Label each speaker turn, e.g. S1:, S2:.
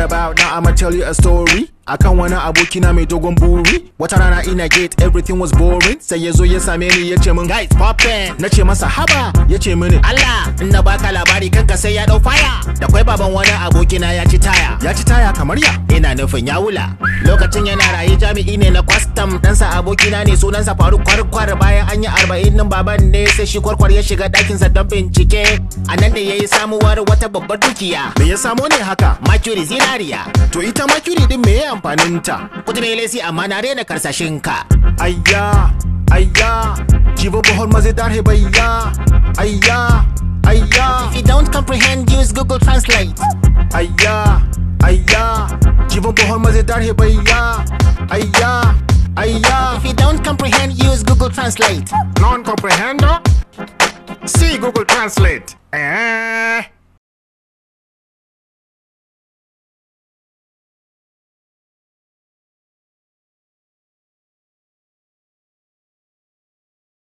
S1: about now I'ma tell you a story I can't wanna aboki na me dogon buri wata rana ina gate everything was boring Say ya zo ya same ni ya ce min guys poppin na ce Sahaba. haba ya eh. Allah baka labari kanka sai ya dau faya da kwai baban wani abokina ya ci taya ya ci taya kamar ya ina nufin ya wula lokacin yana raye jami'i ne na kwastam ɗansa abokina ne sunansa faru kwarkwar bayan an yi arba'in din baban ne sai shi kwarkwar ya shiga ɗakinsa don bincike a nan ne ya yi samuwar wata babbar dukiya me ya samo ne haka makuri zinariya to ita makuri din me ya amfanin ta kudu ne lesi amma na rena ka. ayya ayya jibo buhar mazidar hibayya comprehend, use Google Translate. Aya, aya, जीवन को हम hai, bhaiya, aya, aya. If you don't comprehend, use Google Translate. Non comprehendo? See Google Translate. Eh.